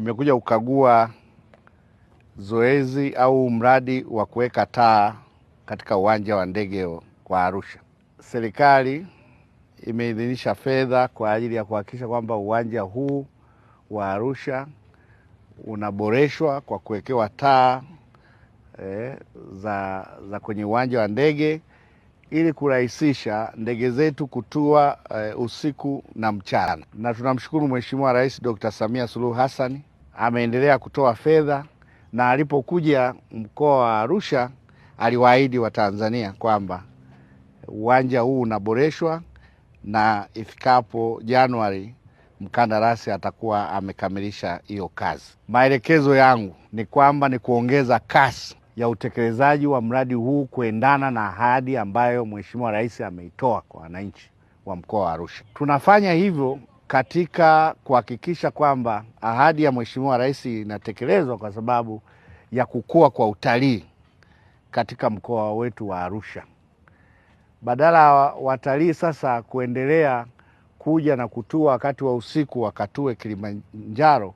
Nimekuja kukagua zoezi au mradi wa kuweka taa katika uwanja wa ndege wa Arusha. Serikali imeidhinisha fedha kwa ajili ya kuhakikisha kwamba uwanja huu wa Arusha unaboreshwa kwa kuwekewa taa eh, za, za kwenye uwanja wa ndege ili kurahisisha ndege zetu kutua eh, usiku na mchana, na tunamshukuru Mheshimiwa Rais Dr. Samia Suluhu Hassan ameendelea kutoa fedha na alipokuja mkoa wa Arusha aliwaahidi Watanzania kwamba uwanja huu unaboreshwa na ifikapo Januari mkandarasi atakuwa amekamilisha hiyo kazi. Maelekezo yangu ni kwamba ni kuongeza kasi ya utekelezaji wa mradi huu kuendana na ahadi ambayo Mheshimiwa Rais ameitoa kwa wananchi wa mkoa wa Arusha. Tunafanya hivyo katika kuhakikisha kwamba ahadi ya Mheshimiwa Rais inatekelezwa kwa sababu ya kukua kwa utalii katika mkoa wetu wa Arusha. Badala ya watalii sasa kuendelea kuja na kutua wakati wa usiku wakatue Kilimanjaro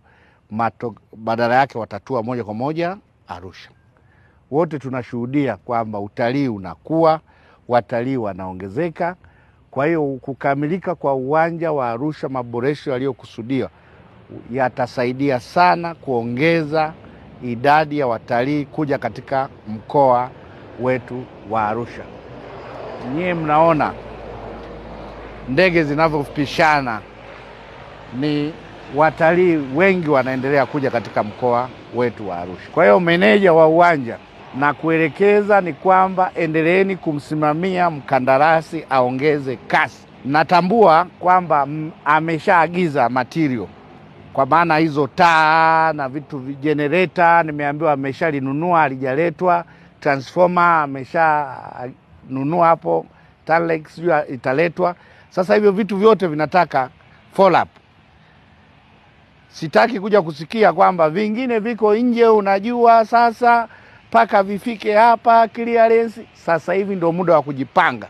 badala yake watatua moja kwa moja Arusha. Wote tunashuhudia kwamba utalii unakuwa, watalii wanaongezeka. Kwa hiyo kukamilika kwa uwanja wa Arusha, maboresho yaliyokusudiwa yatasaidia sana kuongeza idadi ya watalii kuja katika mkoa wetu wa Arusha. Nyie mnaona ndege zinavyopishana, ni watalii wengi wanaendelea kuja katika mkoa wetu wa Arusha. Kwa hiyo meneja wa uwanja na kuelekeza ni kwamba endeleeni kumsimamia mkandarasi aongeze kasi. Natambua kwamba ameshaagiza material kwa maana hizo taa na vitu jenereta, nimeambiwa ameshalinunua, alijaletwa Transforma ameshanunua hapo, sijui italetwa. Sasa hivyo vitu vyote vinataka follow up. Sitaki kuja kusikia kwamba vingine viko nje, unajua sasa mpaka vifike hapa clearance. Sasa hivi ndio muda wa kujipanga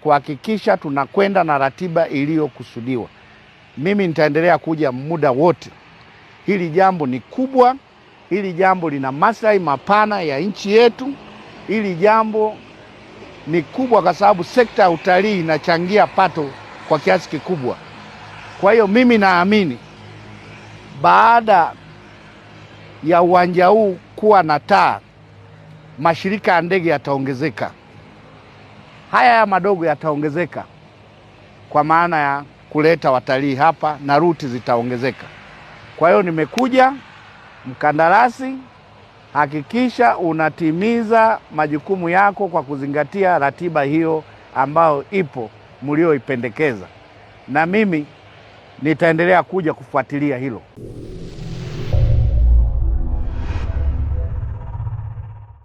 kuhakikisha tunakwenda na ratiba iliyokusudiwa. Mimi nitaendelea kuja muda wote. Hili jambo ni kubwa, hili jambo lina maslahi mapana ya nchi yetu. Hili jambo ni kubwa kwa sababu sekta ya utalii inachangia pato kwa kiasi kikubwa. Kwa hiyo mimi naamini baada ya uwanja huu kuwa na taa mashirika ya ndege yataongezeka, haya ya madogo yataongezeka kwa maana ya kuleta watalii hapa na ruti zitaongezeka. Kwa hiyo nimekuja, mkandarasi, hakikisha unatimiza majukumu yako kwa kuzingatia ratiba hiyo ambayo ipo mlioipendekeza, na mimi nitaendelea kuja kufuatilia hilo.